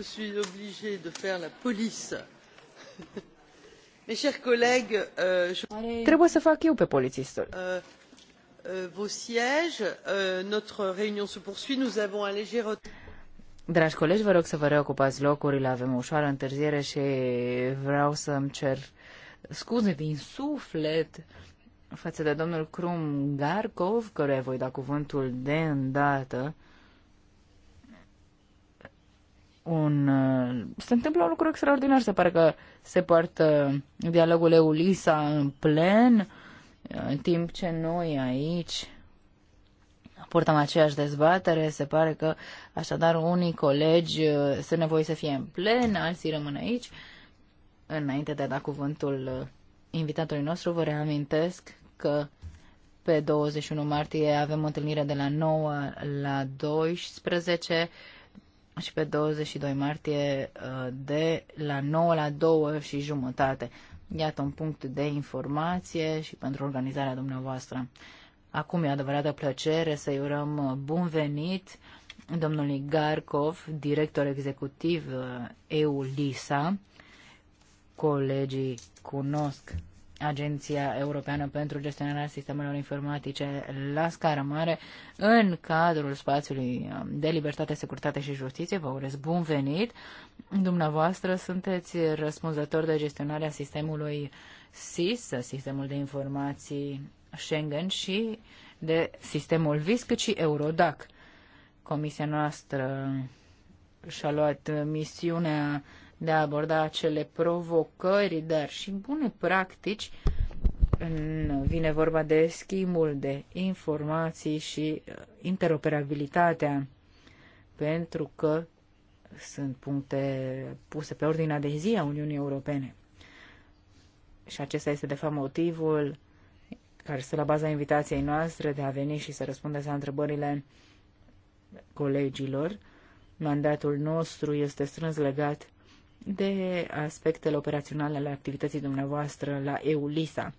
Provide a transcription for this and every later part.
je suis obligée de faire la police. Mes chers collègues, euh, je... Trebuie să fac eu pe polițistul. Uh, vos sièges, uh, notre réunion se poursuit, nous avons un léger Dragi colegi, vă rog să vă reocupați locurile, avem o ușoară întârziere și vreau să-mi cer scuze din suflet față de domnul Krum Garkov, căruia voi da cuvântul de îndată un... Uh, se întâmplă un lucru extraordinar. Se pare că se poartă dialogul Eulisa în plen, uh, în timp ce noi aici purtăm aceeași dezbatere. Se pare că, așadar, unii colegi uh, sunt nevoie să fie în plen, alții rămân aici. Înainte de a da cuvântul invitatului nostru, vă reamintesc că pe 21 martie avem o întâlnire de la 9 la 12 și pe 22 martie uh, de la 9 la 2 și jumătate. Iată un punct de informație și pentru organizarea dumneavoastră. Acum e adevărată plăcere să-i urăm uh, bun venit domnului Garkov, director executiv uh, EU-LISA. Colegii cunosc Agenția Europeană pentru Gestionarea Sistemelor Informatice la scară mare în cadrul spațiului um, de libertate, securitate și justiție. Vă urez bun venit! Dumneavoastră sunteți răspunzător de gestionarea sistemului SIS, Sistemul de Informații Schengen și de sistemul VIS, cât și Eurodac. Comisia noastră și-a luat misiunea de a aborda acele provocări, dar și bune practici. Vine vorba de schimbul de informații și uh, interoperabilitatea, pentru că sunt puncte puse pe ordinea de zi a Uniunii Europene. Și acesta este, de fapt, motivul care stă la baza invitației noastre de a veni și să răspundeți la întrebările colegilor. Mandatul nostru este strâns legat de aspectele operaționale ale activității dumneavoastră la EULISA.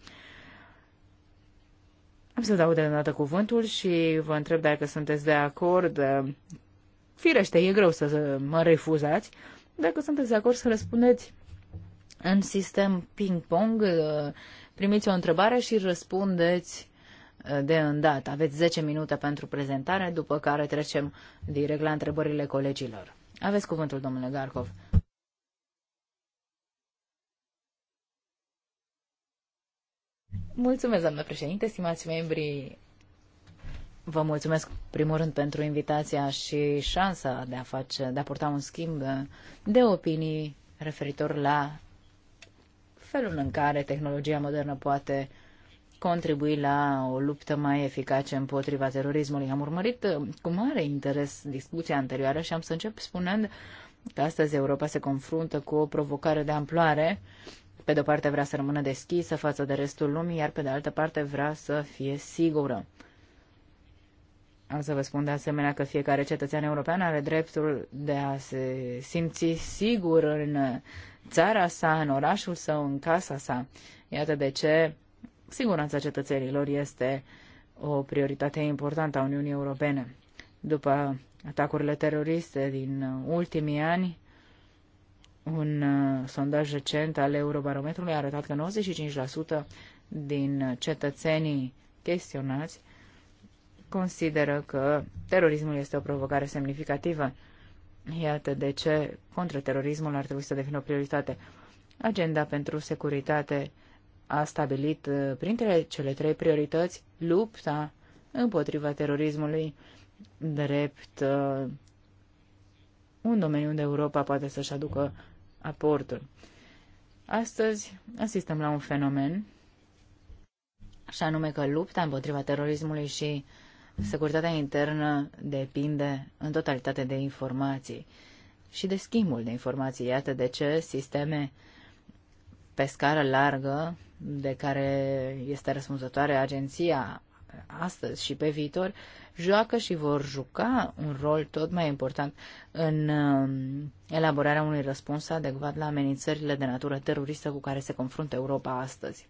Am să dau de dată cuvântul și vă întreb dacă sunteți de acord. Firește, e greu să mă refuzați. Dacă sunteți de acord să răspundeți în sistem ping-pong, primiți o întrebare și răspundeți uh, de îndată. Aveți 10 minute pentru prezentare, după care trecem direct la întrebările colegilor. Aveți cuvântul, domnule Garkov. Mulțumesc, doamnă președinte, stimați membri, Vă mulțumesc, primul rând, pentru invitația și șansa de a, face, de a purta un schimb de opinii referitor la felul în care tehnologia modernă poate contribui la o luptă mai eficace împotriva terorismului. Am urmărit uh, cu mare interes discuția anterioară și am să încep spunând că astăzi Europa se confruntă cu o provocare de amploare pe de-o parte vrea să rămână deschisă față de restul lumii, iar pe de altă parte vrea să fie sigură. Am să vă spun de asemenea că fiecare cetățean european are dreptul de a se simți sigur în țara sa, în orașul său, în casa sa. Iată de ce siguranța cetățenilor este o prioritate importantă a Uniunii Europene. După atacurile teroriste din ultimii ani, un uh, sondaj recent al Eurobarometrului a arătat că 95% din cetățenii chestionați consideră că terorismul este o provocare semnificativă. Iată de ce contraterorismul ar trebui să devină o prioritate. Agenda pentru securitate a stabilit uh, printre cele trei priorități lupta împotriva terorismului drept uh, un domeniu unde Europa poate să-și aducă aportul. Astăzi asistăm la un fenomen, și anume că lupta împotriva terorismului și securitatea internă depinde în totalitate de informații și de schimbul de informații. Iată de ce sisteme pe scară largă de care este răspunzătoare agenția astăzi și pe viitor joacă și vor juca un rol tot mai important în um, elaborarea unui răspuns adecvat la amenințările de natură teroristă cu care se confruntă Europa astăzi.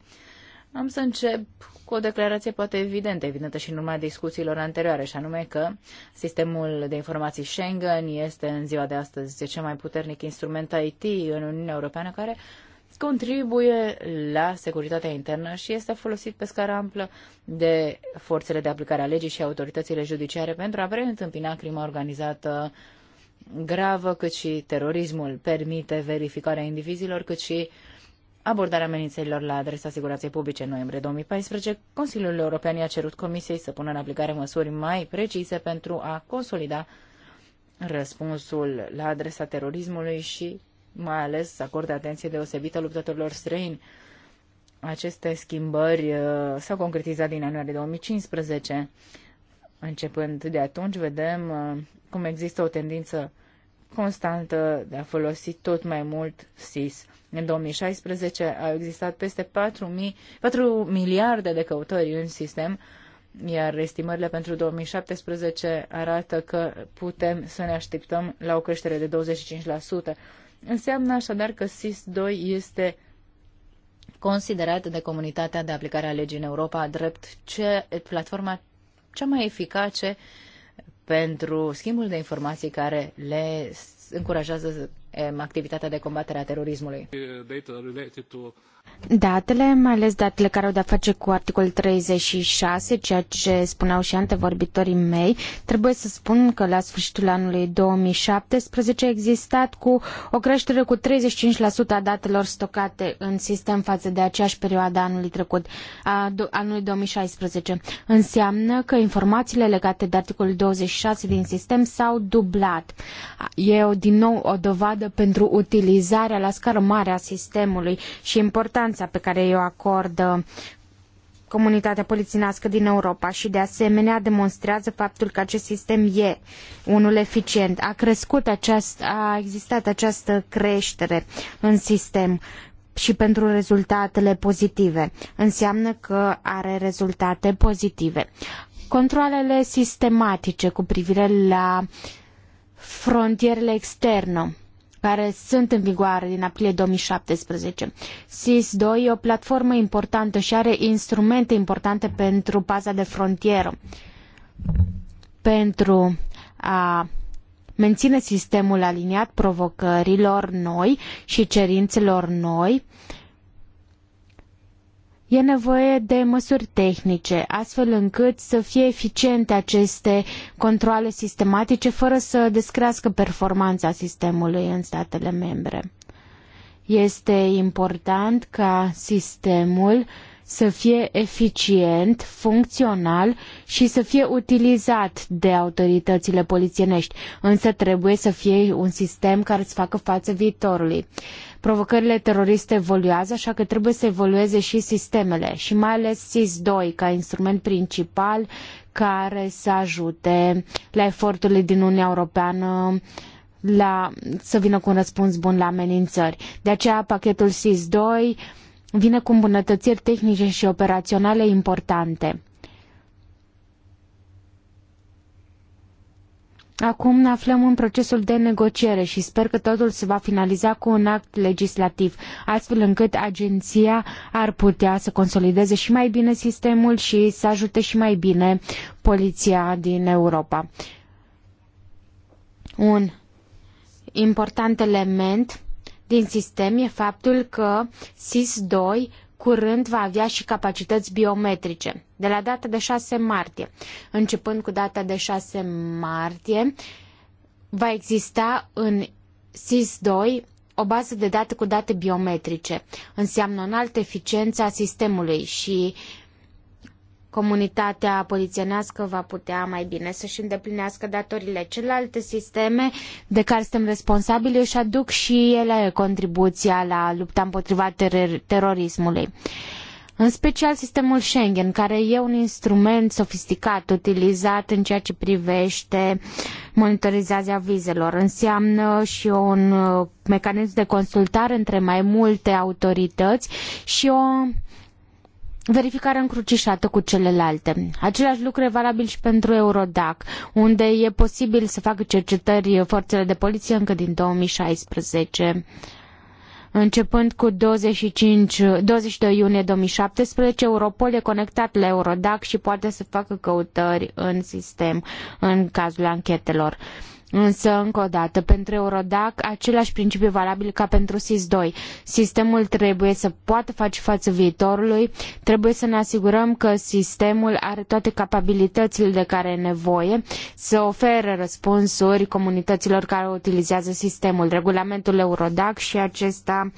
Am să încep cu o declarație poate evidentă, evidentă și în urma discuțiilor anterioare, și anume că sistemul de informații Schengen este în ziua de astăzi cel mai puternic instrument IT în Uniunea Europeană care contribuie la securitatea internă și este folosit pe scară amplă de forțele de aplicare a legii și autoritățile judiciare pentru a preîntâmpina crima organizată gravă, cât și terorismul permite verificarea indivizilor, cât și abordarea amenințărilor la adresa siguranței publice în noiembrie 2014, Consiliul European i-a cerut Comisiei să pună în aplicare măsuri mai precise pentru a consolida răspunsul la adresa terorismului și mai ales să acorde atenție deosebită luptătorilor străini. Aceste schimbări uh, s-au concretizat din ianuarie 2015. Începând de atunci, vedem uh, cum există o tendință constantă de a folosi tot mai mult SIS. În 2016 au existat peste 4, mi 4 miliarde de căutări în sistem, iar estimările pentru 2017 arată că putem să ne așteptăm la o creștere de 25%. Înseamnă așadar că SIS-2 este considerat de comunitatea de aplicare a legii în Europa drept ce, platforma cea mai eficace pentru schimbul de informații care le încurajează Um, activitatea de combatere a terorismului. Datele, mai ales datele care au de-a face cu articolul 36, ceea ce spuneau și antevorbitorii mei, trebuie să spun că la sfârșitul anului 2017 a existat cu o creștere cu 35% a datelor stocate în sistem față de aceeași perioadă a anului trecut, a anului 2016. Înseamnă că informațiile legate de articolul 26 din sistem s-au dublat. E din nou o dovadă dovadă pentru utilizarea la scară mare a sistemului și importanța pe care o acordă comunitatea polițienească din Europa și de asemenea demonstrează faptul că acest sistem e unul eficient. A crescut aceast, a existat această creștere în sistem și pentru rezultatele pozitive. Înseamnă că are rezultate pozitive. Controlele sistematice cu privire la frontierele externe care sunt în vigoare din aprilie 2017. SIS-2 e o platformă importantă și are instrumente importante pentru paza de frontieră, pentru a menține sistemul aliniat provocărilor noi și cerințelor noi, uh, E nevoie de măsuri tehnice, astfel încât să fie eficiente aceste controle sistematice, fără să descrească performanța sistemului în statele membre. Este important ca sistemul să fie eficient, funcțional și să fie utilizat de autoritățile polițienești, însă trebuie să fie un sistem care să facă față viitorului. Provocările teroriste evoluează, așa că trebuie să evolueze și sistemele și mai ales SIS-2 ca instrument principal care să ajute la eforturile din Uniunea Europeană la, să vină cu un răspuns bun la amenințări. De aceea pachetul SIS-2 vine cu îmbunătățiri tehnice și operaționale importante. Acum ne aflăm în procesul de negociere și sper că totul se va finaliza cu un act legislativ, astfel încât agenția ar putea să consolideze și mai bine sistemul și să ajute și mai bine poliția din Europa. Un important element din sistem e faptul că SIS-2 curând va avea și capacități biometrice, de la data de 6 martie. Începând cu data de 6 martie, va exista în SIS-2 o bază de date cu date biometrice. Înseamnă o înaltă eficiență a sistemului și comunitatea polițienească va putea mai bine să-și îndeplinească datorile. Celelalte sisteme de care suntem responsabili își aduc și ele contribuția la lupta împotriva ter- terorismului. În special sistemul Schengen, care e un instrument sofisticat utilizat în ceea ce privește monitorizarea vizelor. Înseamnă și un uh, mecanism de consultare între mai multe autorități și o verificare încrucișată cu celelalte. Același lucru e valabil și pentru Eurodac, unde e posibil să facă cercetări forțele de poliție încă din 2016. Începând cu 25, 22 iunie 2017, Europol e conectat la Eurodac și poate să facă căutări în sistem în cazul anchetelor. Însă, încă o dată, pentru Eurodac, același principiu valabil ca pentru SIS-2. Sistemul trebuie să poată face față viitorului, trebuie să ne asigurăm că sistemul are toate capabilitățile de care e nevoie, să ofere răspunsuri comunităților care utilizează sistemul. Regulamentul Eurodac și acesta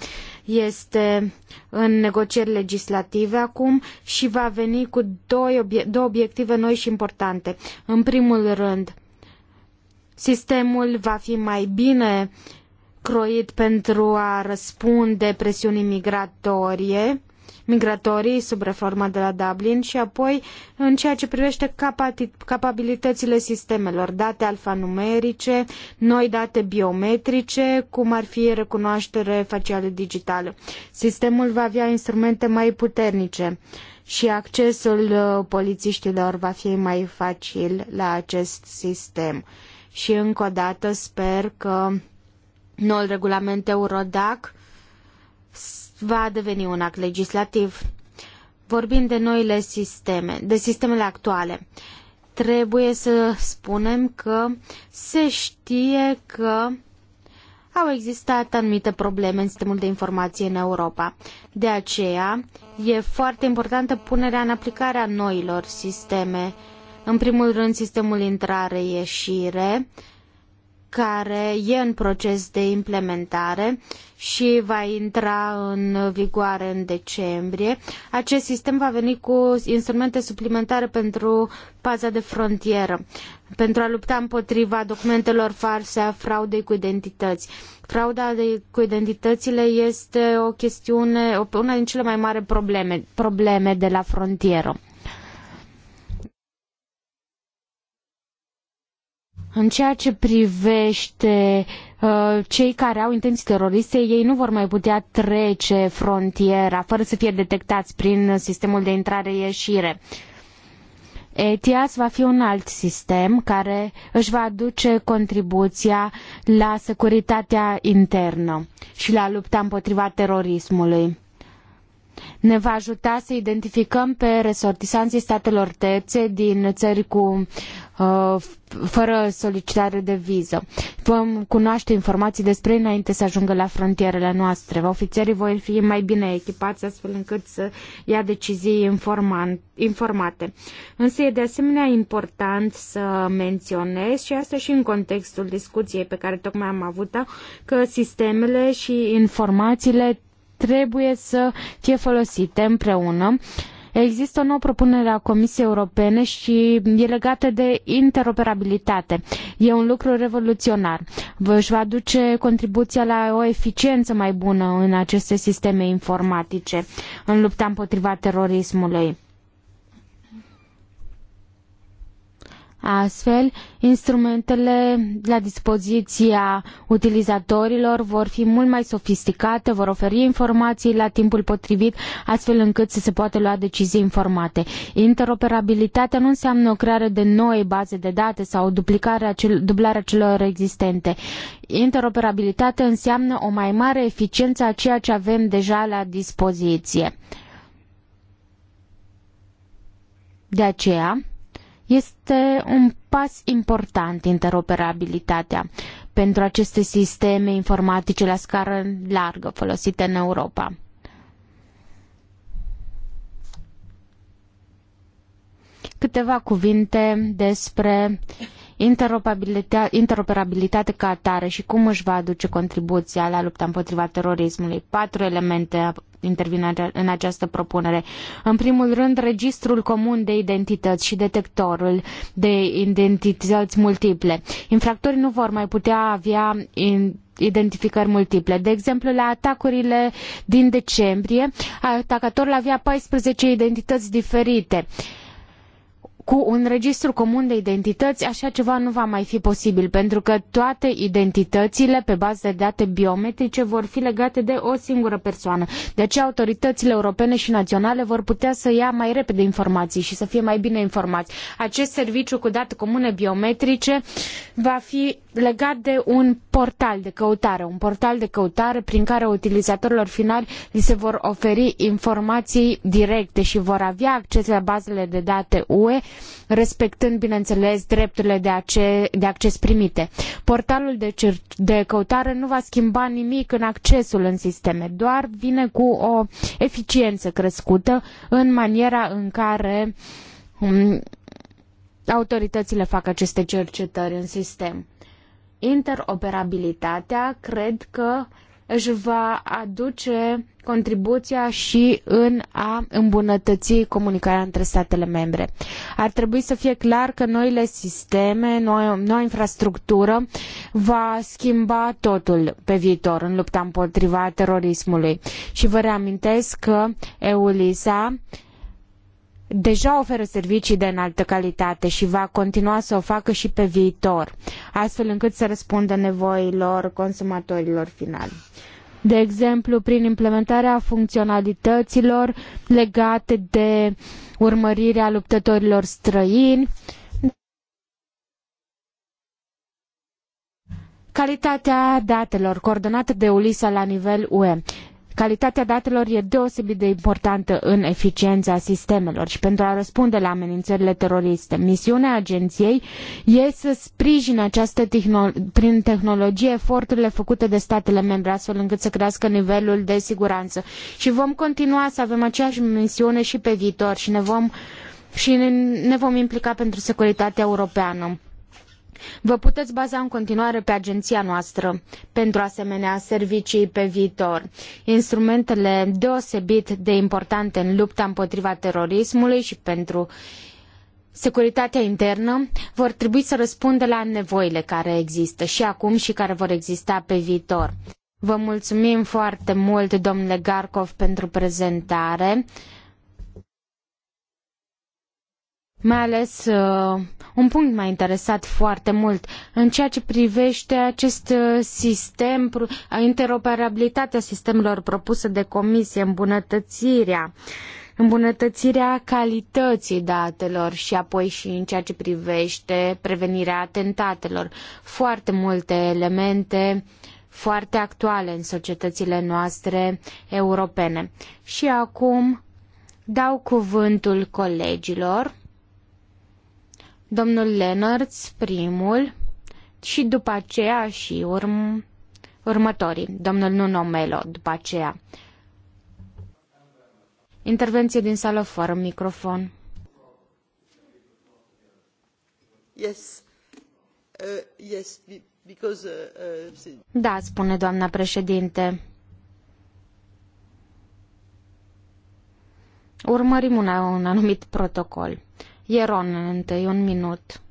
este în negocieri legislative acum și va veni cu două obiective noi și importante. În primul rând, Sistemul va fi mai bine croit pentru a răspunde presiunii migratorie, migratorii sub reforma de la Dublin și apoi în ceea ce privește capabilitățile sistemelor, date alfanumerice, noi date biometrice, cum ar fi recunoaștere facială digitală. Sistemul va avea instrumente mai puternice și accesul uh, polițiștilor va fi mai facil la acest sistem și încă o dată sper că noul regulament Eurodac va deveni un act legislativ. Vorbim de noile sisteme, de sistemele actuale. Trebuie să spunem că se știe că au existat anumite probleme în sistemul de informație în Europa. De aceea, e foarte importantă punerea în aplicare a noilor sisteme în primul rând, sistemul intrare-ieșire, care e în proces de implementare și va intra în vigoare în decembrie. Acest sistem va veni cu instrumente suplimentare pentru paza de frontieră, pentru a lupta împotriva documentelor false, a fraudei cu identități. Frauda de, cu identitățile este o chestiune, una din cele mai mari probleme, probleme de la frontieră. În ceea ce privește uh, cei care au intenții teroriste, ei nu vor mai putea trece frontiera fără să fie detectați prin sistemul de intrare-ieșire. ETIAS va fi un alt sistem care își va aduce contribuția la securitatea internă și la lupta împotriva terorismului ne va ajuta să identificăm pe resortisanții statelor terțe din țări cu uh, fără solicitare de viză. Vom cunoaște informații despre ei înainte să ajungă la frontierele noastre. Ofițerii vor fi mai bine echipați astfel încât să ia decizii informate. Însă e de asemenea important să menționez și asta și în contextul discuției pe care tocmai am avut-o, că sistemele și informațiile trebuie să fie folosite împreună. Există o nouă propunere a Comisiei Europene și e legată de interoperabilitate. E un lucru revoluționar. Își va aduce contribuția la o eficiență mai bună în aceste sisteme informatice, în lupta împotriva terorismului. Astfel, instrumentele la dispoziția utilizatorilor vor fi mult mai sofisticate, vor oferi informații la timpul potrivit, astfel încât să se poată lua decizii informate. Interoperabilitatea nu înseamnă o creare de noi baze de date sau duplicarea cel, dublarea celor existente. Interoperabilitatea înseamnă o mai mare eficiență a ceea ce avem deja la dispoziție. De aceea, este un pas important interoperabilitatea pentru aceste sisteme informatice la scară largă folosite în Europa. Câteva cuvinte despre interoperabilitate ca atare și cum își va aduce contribuția la lupta împotriva terorismului. Patru elemente intervin în această propunere. În primul rând, registrul comun de identități și detectorul de identități multiple. Infractorii nu vor mai putea avea identificări multiple. De exemplu, la atacurile din decembrie, atacatorul avea 14 identități diferite. Uh, cu un registru comun de identități, așa ceva nu va mai fi posibil, pentru că toate identitățile pe bază de date biometrice vor fi legate de o singură persoană. De aceea autoritățile europene și naționale vor putea să ia mai repede informații și să fie mai bine informați. Acest serviciu cu date comune biometrice va fi legat de un portal de căutare, un portal de căutare prin care utilizatorilor finali li se vor oferi informații directe și vor avea acces la bazele de date UE, respectând, bineînțeles, drepturile de, ace- de acces primite. Portalul de, de căutare nu va schimba nimic în accesul în sisteme, doar vine cu o eficiență crescută în maniera în care um, autoritățile fac aceste cercetări în sistem interoperabilitatea cred că își va aduce contribuția și în a îmbunătăți comunicarea între statele membre. Ar trebui să fie clar că noile sisteme, noua, noua infrastructură va schimba totul pe viitor în lupta împotriva terorismului. Și vă reamintesc că EULISA deja oferă servicii de înaltă calitate și va continua să o facă și pe viitor, astfel încât să răspundă nevoilor consumatorilor finali. De exemplu, prin implementarea funcționalităților legate de urmărirea luptătorilor străini, calitatea datelor coordonată de ULISA la nivel UE. Calitatea datelor e deosebit de importantă în eficiența sistemelor și pentru a răspunde la amenințările teroriste. Misiunea agenției e să sprijine această tehno prin tehnologie eforturile făcute de statele membre astfel încât să crească nivelul de siguranță. Și vom continua să avem aceeași misiune și pe viitor și ne vom, și ne vom implica pentru securitatea europeană. Vă puteți baza în continuare pe agenția noastră pentru asemenea servicii pe viitor. Instrumentele deosebit de importante în lupta împotriva terorismului și pentru securitatea internă vor trebui să răspundă la nevoile care există și acum și care vor exista pe viitor. Vă mulțumim foarte mult, domnule Garkov, pentru prezentare mai ales uh, un punct m-a interesat foarte mult în ceea ce privește acest uh, sistem, interoperabilitatea sistemelor propuse de comisie, îmbunătățirea îmbunătățirea calității datelor și apoi și în ceea ce privește prevenirea atentatelor. Foarte multe elemente foarte actuale în societățile noastre europene. Și acum dau cuvântul colegilor domnul Leonards primul și după aceea și urm, următorii, domnul Nuno Melo după aceea. Intervenție din sală fără microfon. Yes. Uh, yes, because, uh, uh... Da, spune doamna președinte. Urmărim un anumit protocol. Ieron, întâi un minut.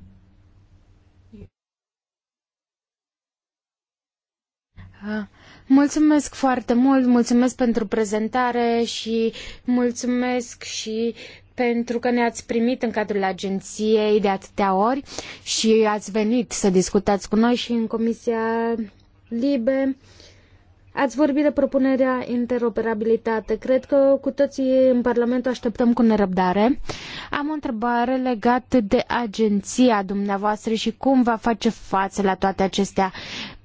Ah, mulțumesc foarte mult, mulțumesc pentru prezentare și mulțumesc și pentru că ne-ați primit în cadrul agenției de atâtea ori și ați venit să discutați cu noi și în Comisia Libe. Uh, Ați vorbit de propunerea interoperabilitate. Cred că cu toții în Parlament o așteptăm cu nerăbdare. Am o întrebare legată de agenția dumneavoastră și cum va face față la toate acestea.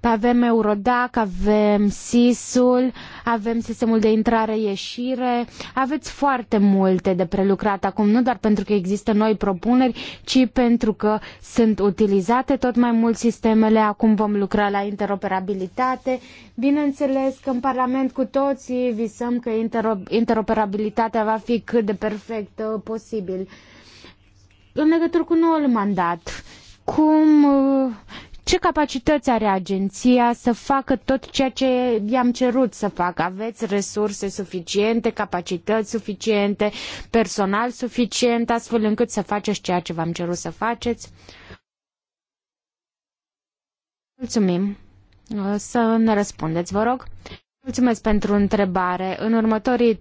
Avem Eurodac, avem SIS-ul, avem sistemul de intrare-ieșire. Aveți foarte multe de prelucrat acum, nu doar pentru că există noi propuneri, ci pentru că sunt utilizate tot mai mult sistemele. Acum vom lucra la interoperabilitate. Bineînțeles că în Parlament cu toții visăm că interoperabilitatea va fi cât de perfectă posibil. În legătură cu noul mandat, cum ce capacități are agenția să facă tot ceea ce i-am cerut să facă? Aveți resurse suficiente, capacități suficiente, personal suficient, astfel încât să faceți ceea ce v-am cerut să faceți? Mulțumim. să ne răspundeți, vă rog. Mulțumesc pentru întrebare. În următorii 3-4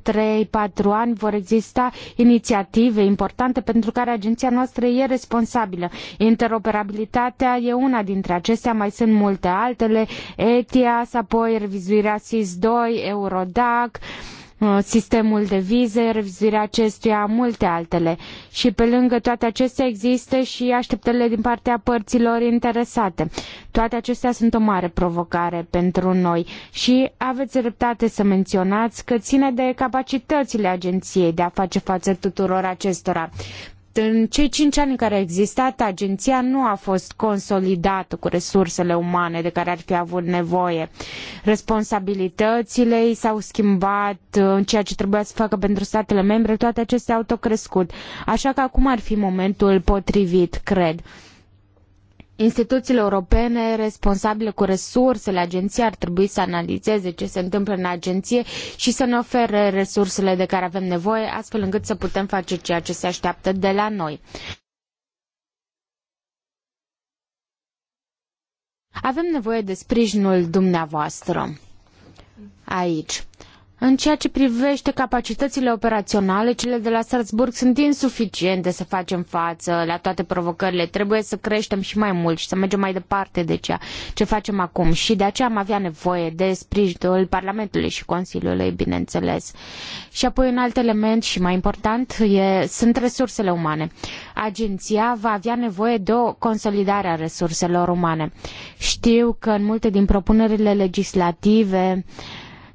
ani vor exista inițiative importante pentru care agenția noastră e responsabilă. Interoperabilitatea e una dintre acestea, mai sunt multe altele, ETIAS, apoi revizuirea SIS-2, Eurodac, uh, Uh, sistemul de vize, revizuirea acestuia, multe altele. Și pe lângă toate acestea există și așteptările din partea părților interesate. Toate acestea sunt o mare provocare pentru noi și aveți dreptate să menționați că ține de capacitățile agenției de a face față tuturor acestora. În cei cinci ani în care a existat, agenția nu a fost consolidată cu resursele umane de care ar fi avut nevoie. Responsabilitățile i s-au schimbat, ceea ce trebuia să facă pentru statele membre, toate acestea au tot crescut. Așa că acum ar fi momentul potrivit, cred. Instituțiile europene responsabile cu resursele agenției ar trebui să analizeze ce se întâmplă în agenție și să ne ofere resursele de care avem nevoie, astfel încât să putem face ceea ce se așteaptă de la noi. Avem nevoie de sprijinul dumneavoastră aici. În ceea ce privește capacitățile operaționale, cele de la Salzburg sunt insuficiente să facem față la toate provocările. Trebuie să creștem și mai mult și să mergem mai departe de ceea ce facem acum. Și de aceea am avea nevoie de sprijinul Parlamentului și Consiliului, bineînțeles. Și apoi un alt element și mai important e, sunt resursele umane. Agenția va avea nevoie de o consolidare a resurselor umane. Știu că în multe din propunerile legislative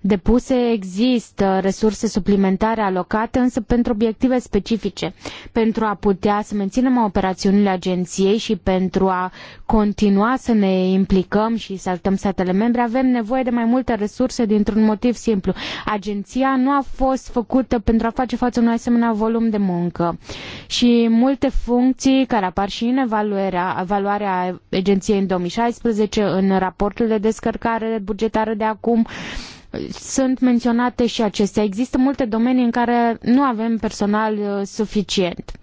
depuse, există resurse suplimentare alocate, însă pentru obiective specifice, pentru a putea să menținem operațiunile agenției și pentru a continua să ne implicăm și să ajutăm statele membre, avem nevoie de mai multe resurse dintr-un motiv simplu. Agenția nu a fost făcută pentru a face față unui asemenea volum de muncă și multe funcții care apar și în evaluarea, evaluarea agenției în 2016, în raportul de descărcare bugetară de acum, sunt menționate și acestea. Există multe domenii în care nu avem personal uh, suficient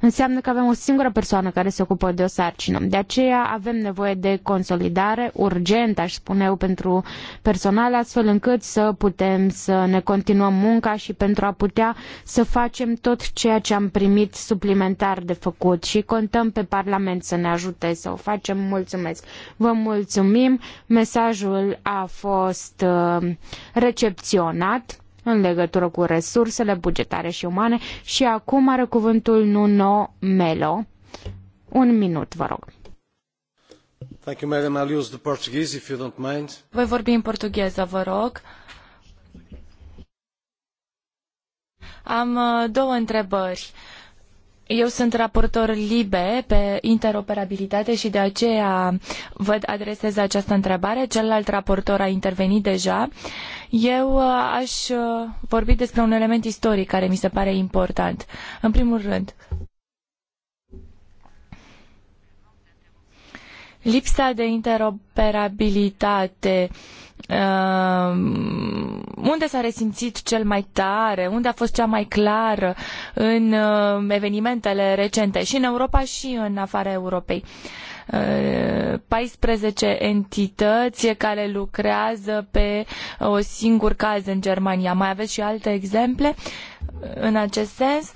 înseamnă că avem o singură persoană care se ocupă de o sarcină. De aceea avem nevoie de consolidare urgentă, aș spune eu, pentru personal, astfel încât să putem să ne continuăm munca și pentru a putea să facem tot ceea ce am primit suplimentar de făcut și contăm pe Parlament să ne ajute să o facem. Mulțumesc! Vă mulțumim! Mesajul a fost uh, recepționat în legătură cu resursele bugetare și umane și acum are cuvântul Nuno Melo. Un minut, vă rog. Thank you, madam. I'll use the Portuguese if you don't mind. Voi vorbi în portugheză, vă rog. Am uh, două întrebări. Uh, eu sunt raportor libe pe interoperabilitate și de aceea vă adresez această întrebare. Celălalt raportor a intervenit deja. Eu uh, aș uh, vorbi despre un element istoric care mi se pare important. În primul rând, Lipsa de interoperabilitate. Um, unde s-a resimțit cel mai tare, unde a fost cea mai clară în um, evenimentele recente și în Europa și în afara Europei. 14 uh, entități care lucrează pe o singur caz în Germania. Mai aveți și alte exemple în acest sens?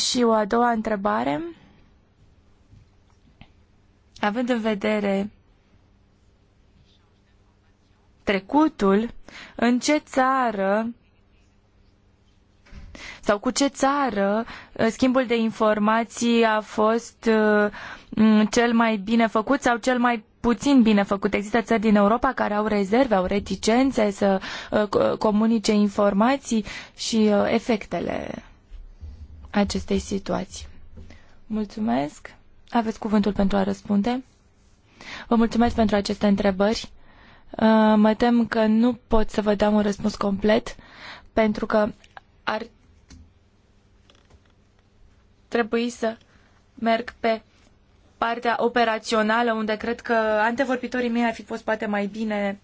Și o a doua întrebare având în vedere trecutul, în ce țară sau cu ce țară uh, schimbul de informații a fost uh, cel mai bine făcut sau cel mai puțin bine făcut. Există țări din Europa care au rezerve, au reticențe să uh, comunice informații și efectele acestei situații. Mulțumesc! Aveți cuvântul pentru a răspunde. Vă mulțumesc pentru aceste întrebări. Uh, mă tem că nu pot să vă dau un răspuns complet, pentru că ar trebui să merg pe partea operațională, unde cred că antevorbitorii mei ar fi fost poate mai bine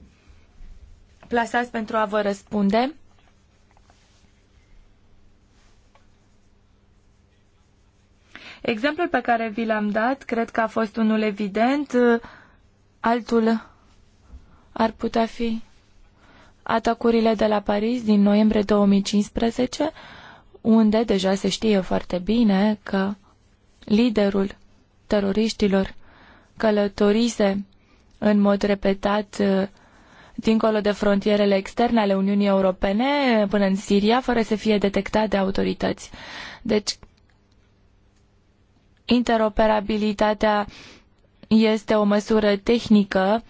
plasați pentru a vă răspunde. Exemplul pe care vi l-am dat, cred că a fost unul evident, altul ar putea fi atacurile de la Paris din noiembrie 2015, unde deja se știe foarte bine că liderul teroriștilor călătorise în mod repetat uh, dincolo de frontierele externe ale Uniunii Europene până în Siria, fără să fie detectat de autorități. Deci, interoperabilitatea este o măsură tehnică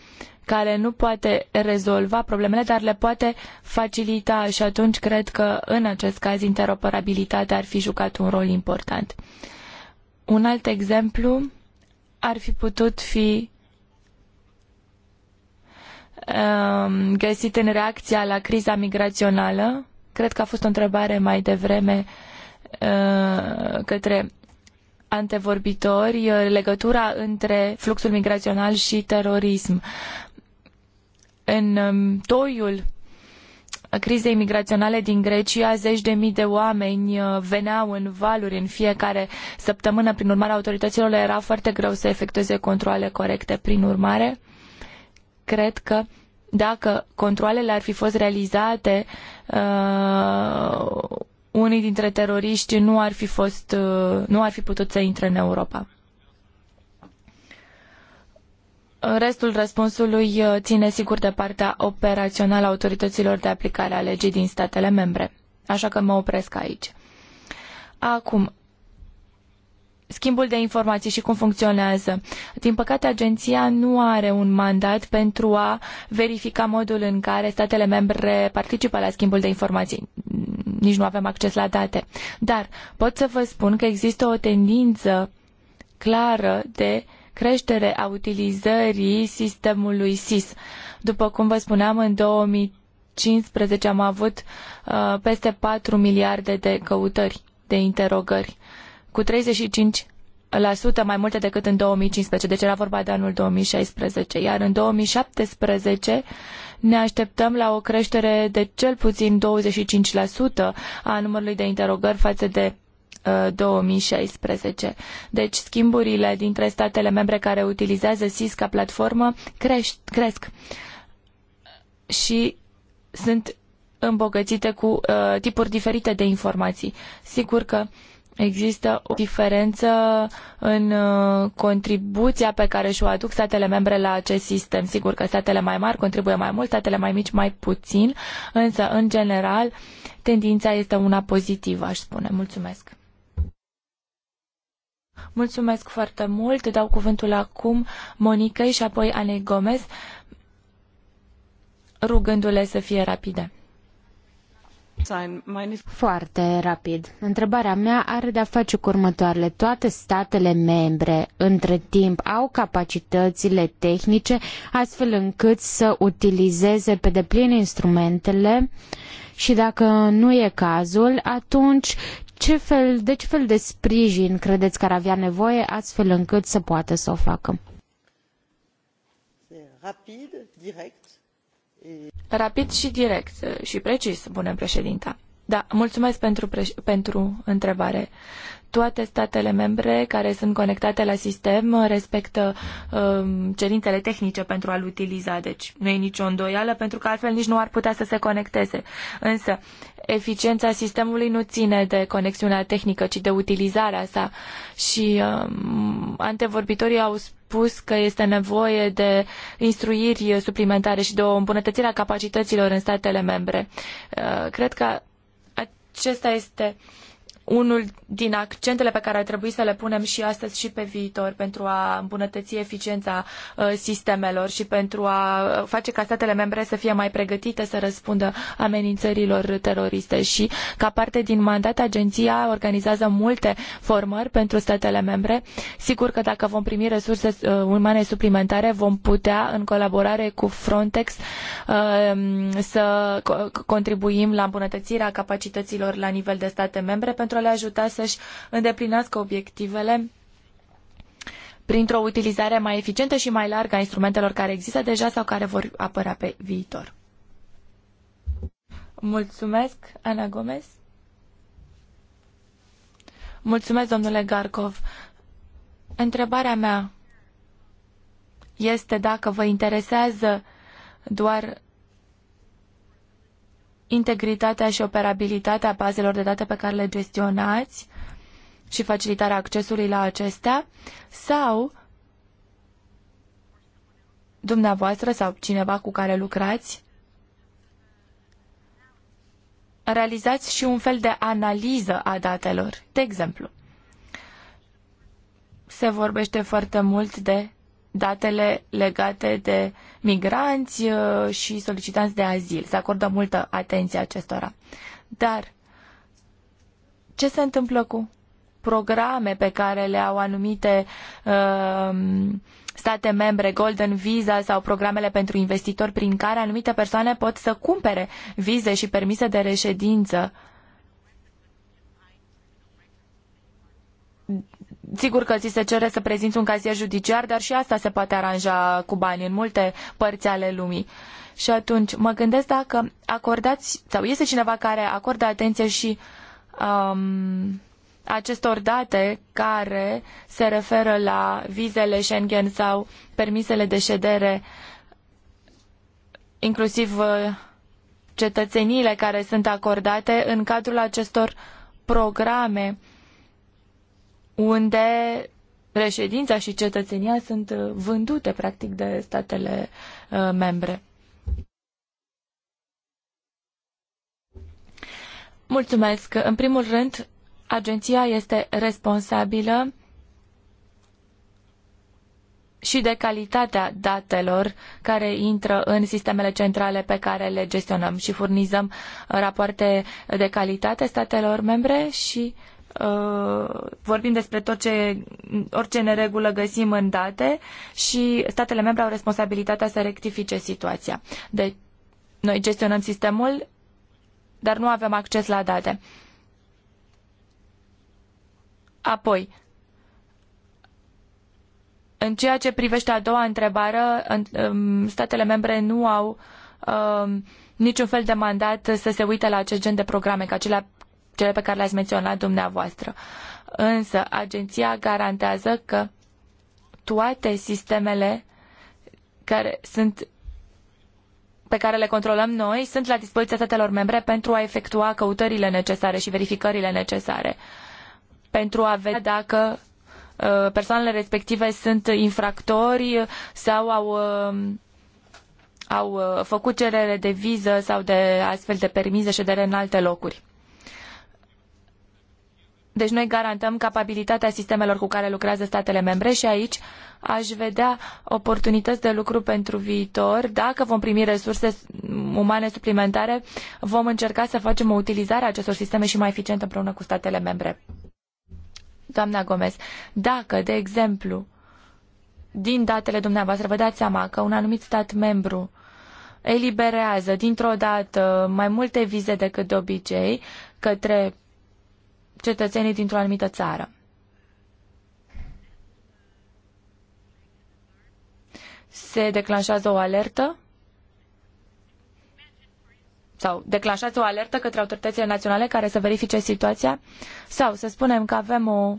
care nu poate rezolva problemele, dar le poate facilita și atunci cred că în acest caz interoperabilitatea ar fi jucat un rol important. Un alt exemplu ar fi putut fi um, găsit în reacția la criza migrațională. Cred că a fost o întrebare mai devreme uh, către antevorbitori uh, legătura între fluxul migrațional și terorism. În um, toiul crizei migraționale din Grecia, zeci de mii de oameni uh, veneau în valuri în fiecare săptămână. Prin urmare, autorităților le era foarte greu să efectueze controle corecte. Prin urmare, cred că dacă controlele ar fi fost realizate uh, unii dintre teroriști nu ar fi fost, uh, nu ar fi putut să intre în Europa. Restul răspunsului uh, ține sigur de partea operațională a autorităților de aplicare a legii din statele membre, așa că mă opresc aici. Acum, schimbul de informații și cum funcționează. Din păcate, agenția nu are un mandat pentru a verifica modul în care statele membre participă la schimbul de informații. Nici nu avem acces la date. Dar pot să vă spun că există o tendință clară de creștere a utilizării sistemului SIS. După cum vă spuneam, în 2015 am avut uh, peste patru miliarde de căutări, de interogări. Uh, cu 35 la sută mai multe decât în 2015, deci era vorba de anul 2016, iar în 2017 ne așteptăm la o creștere de cel puțin 25% a numărului de interogări față de 2016. Uh, deci schimburile dintre statele membre care utilizează SIS ca platformă creș- cresc și sunt îmbogățite cu uh, tipuri diferite de informații. Sigur că uh, Există o diferență în uh, contribuția pe care și-o aduc statele membre la acest sistem. Sigur că statele mai mari contribuie mai mult, statele mai mici mai puțin, însă, în general, tendința este una pozitivă, aș spune. Mulțumesc! Mulțumesc foarte mult! Dau cuvântul acum Monicăi și apoi Anei Gomez, rugându-le să fie rapide. Foarte rapid. Întrebarea mea are de-a face cu următoarele. Toate statele membre, între timp, au capacitățile tehnice astfel încât să utilizeze pe deplin instrumentele și dacă nu e cazul, atunci ce fel, de ce fel de sprijin credeți că ar avea nevoie astfel încât să poată să o facă? Rapid, direct. Rapid și direct și precis, bună președinta. Da, mulțumesc pentru, pentru întrebare. Toate statele membre care sunt conectate la sistem respectă um, cerințele tehnice pentru a-l utiliza, deci nu e nicio îndoială, pentru că altfel nici nu ar putea să se conecteze. Însă, eficiența sistemului nu ține de conexiunea tehnică, ci de utilizarea sa. Și um, antevorbitorii au spus că este nevoie de instruiri suplimentare și de o îmbunătățire a capacităților în statele membre. Uh, cred că acesta este uh, unul din accentele pe care ar trebui să le punem și astăzi și pe viitor pentru a îmbunătăți eficiența uh, sistemelor și pentru a uh, face ca statele membre să fie mai pregătite să răspundă amenințărilor teroriste și ca parte din mandat agenția organizează multe formări pentru statele membre. Sigur că dacă vom primi resurse uh, umane suplimentare vom putea în colaborare cu Frontex să contribuim la îmbunătățirea capacităților la nivel de state membre pentru pentru a le ajuta să-și îndeplinească obiectivele printr-o utilizare mai eficientă și mai largă a instrumentelor care există deja sau care vor apărea pe viitor. Mulțumesc, Ana Gomez. Mulțumesc, domnule Garkov. Întrebarea mea este dacă vă interesează doar integritatea și operabilitatea bazelor de date pe care le gestionați și facilitarea accesului la acestea sau dumneavoastră sau cineva cu care lucrați realizați și un fel de analiză a datelor. De exemplu, se vorbește foarte mult de datele legate de migranți uh, și solicitanți de azil. Se acordă multă atenție acestora. Dar ce se întâmplă cu programe pe care le au anumite uh, state membre, Golden Visa sau programele pentru investitori prin care anumite persoane pot să cumpere vize și permise de reședință uh, Sigur că ți se cere să prezinți un cazier judiciar, dar și asta se poate aranja cu bani în multe părți ale lumii. Și atunci mă gândesc dacă acordați, sau este cineva care acordă atenție și um, acestor date care se referă la vizele Schengen sau permisele de ședere, inclusiv uh, cetățeniile care sunt acordate în cadrul acestor programe unde reședința și cetățenia sunt uh, vândute practic de statele uh, membre. Mulțumesc. În primul rând, agenția este responsabilă și de calitatea datelor care intră în sistemele centrale pe care le gestionăm și furnizăm uh, rapoarte de calitate statelor membre și uh, Uh, vorbim despre tot ce, orice neregulă găsim în date și statele membre au responsabilitatea să rectifice situația. Deci, noi gestionăm sistemul, dar nu avem acces la date. Apoi, în ceea ce privește a doua întrebare, um, statele membre nu au um, niciun fel de mandat să se uite la acest gen de programe, că acelea cele pe care le-ați menționat dumneavoastră. Însă, agenția garantează că toate sistemele care sunt pe care le controlăm noi sunt la dispoziția statelor membre pentru a efectua căutările necesare și verificările necesare pentru a vedea dacă uh, persoanele respective sunt infractori sau au, uh, au uh, făcut cerere de viză sau de astfel de permise ședere în alte locuri. Deci noi garantăm capabilitatea sistemelor cu care lucrează statele membre și aici aș vedea oportunități de lucru pentru viitor. Dacă vom primi resurse umane suplimentare, vom încerca să facem o utilizare a acestor sisteme și mai eficientă împreună cu statele membre. Doamna Gomez, dacă, de exemplu, din datele dumneavoastră vă dați seama că un anumit stat membru eliberează dintr-o dată mai multe vize decât de obicei către cetățenii dintr-o anumită țară. Se declanșează o alertă sau declanșați o alertă către autoritățile naționale care să verifice situația sau să spunem că avem o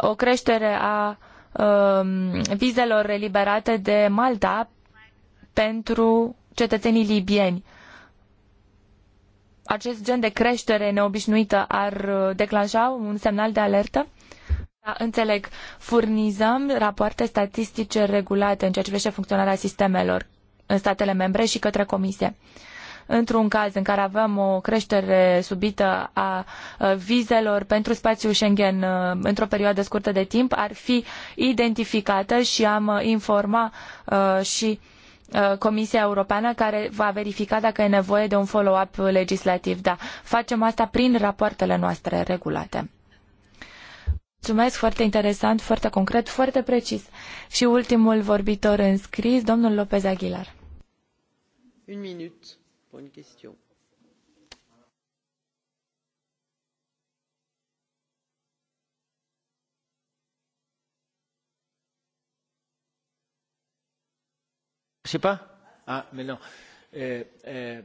o creștere a um, vizelor eliberate de Malta pentru cetățenii libieni acest gen de creștere neobișnuită ar uh, declanșa un semnal de alertă? Da, înțeleg. Furnizăm rapoarte statistice regulate în ceea ce privește funcționarea sistemelor în statele membre și către comisie. Într-un caz în care avem o creștere subită a uh, vizelor pentru spațiul Schengen uh, într-o perioadă scurtă de timp, ar fi identificată și am informa și uh, Uh, Comisia Europeană care va verifica dacă e nevoie de un follow-up legislativ. Da, facem asta prin rapoartele noastre regulate. Mulțumesc, foarte interesant, foarte concret, foarte precis. Și ultimul vorbitor înscris, domnul Lopez Aguilar. Un minut, pentru o Ah, eh, eh,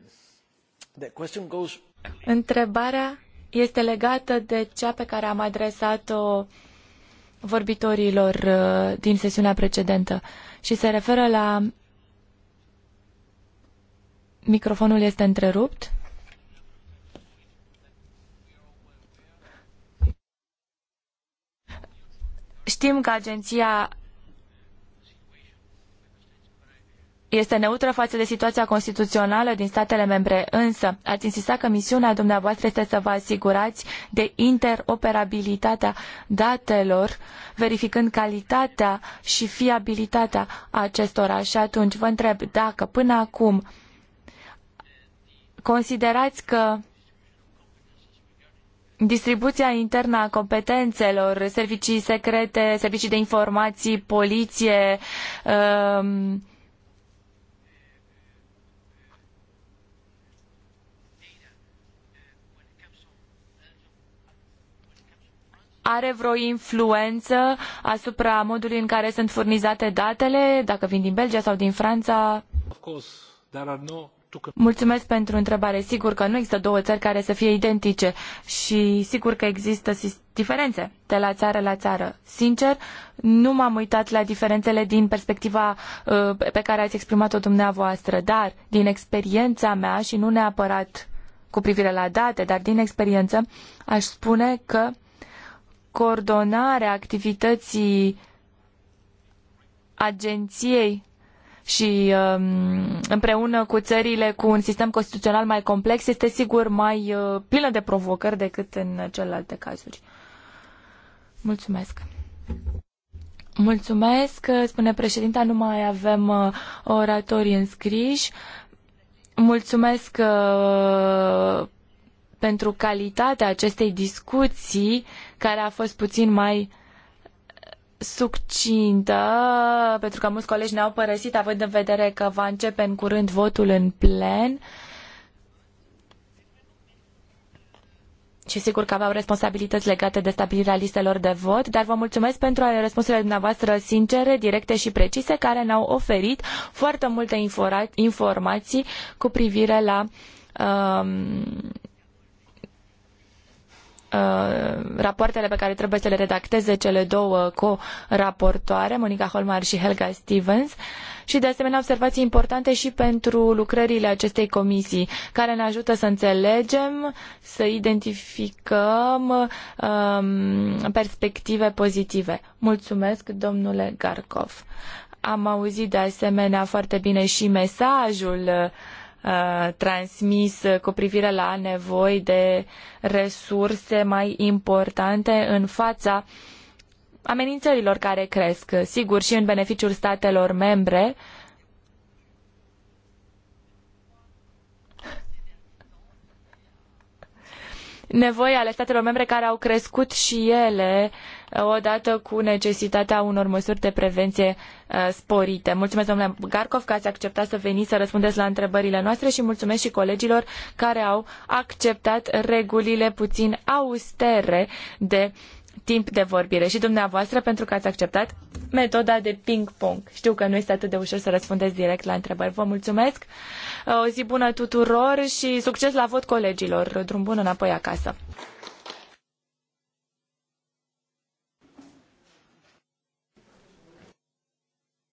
Întrebarea este legată de cea pe care am adresat-o vorbitorilor eh, din sesiunea precedentă și se referă la microfonul este întrerupt. Știm că agenția este neutră față de situația constituțională din statele membre, însă ați insistat că misiunea dumneavoastră este să vă asigurați de interoperabilitatea datelor, verificând calitatea și fiabilitatea acestora. Și atunci vă întreb dacă până acum considerați că distribuția internă a competențelor, servicii secrete, servicii de informații, poliție, um, are vreo influență asupra modului în care sunt furnizate datele, dacă vin din Belgia sau din Franța? Mulțumesc pentru întrebare. Sigur că nu există două țări care să fie identice și sigur că există diferențe de la țară la țară. Sincer, nu m-am uitat la diferențele din perspectiva uh, pe care ați exprimat-o dumneavoastră, dar din experiența mea și nu neapărat cu privire la date, dar din experiență, aș spune că coordonarea activității agenției și um, împreună cu țările cu un sistem constituțional mai complex este sigur mai uh, plină de provocări decât în celelalte cazuri. Mulțumesc! Mulțumesc, spune președinta, nu mai avem uh, oratorii înscriși. Mulțumesc uh, pentru calitatea acestei discuții, care a fost puțin mai succintă, pentru că mulți colegi ne-au părăsit, având în vedere că va începe în curând votul în plen. și sigur că aveau responsabilități legate de stabilirea listelor de vot, dar vă mulțumesc pentru răspunsurile dumneavoastră sincere, directe și precise, care ne-au oferit foarte multe informații cu privire la um, Uh, rapoartele pe care trebuie să le redacteze cele două co-raportoare, Monica Holmar și Helga Stevens, și de asemenea observații importante și pentru lucrările acestei comisii, care ne ajută să înțelegem, să identificăm um, perspective pozitive. Mulțumesc, domnule Garkov. Am auzit de asemenea foarte bine și mesajul uh, Uh, transmis cu privire la nevoi de resurse mai importante în fața amenințărilor care cresc, sigur și în beneficiul statelor membre. Nevoi ale statelor membre care au crescut și ele uh, odată cu necesitatea unor măsuri de prevenție uh, sporite. Mulțumesc, domnule Garkov, că ați acceptat să veniți să răspundeți la întrebările noastre și mulțumesc și colegilor care au acceptat regulile puțin austere de timp de vorbire și dumneavoastră pentru că ați acceptat metoda de ping-pong. Știu că nu este atât de ușor să răspundeți direct la întrebări. Vă mulțumesc, o zi bună tuturor și succes la vot colegilor. Drum bun înapoi acasă.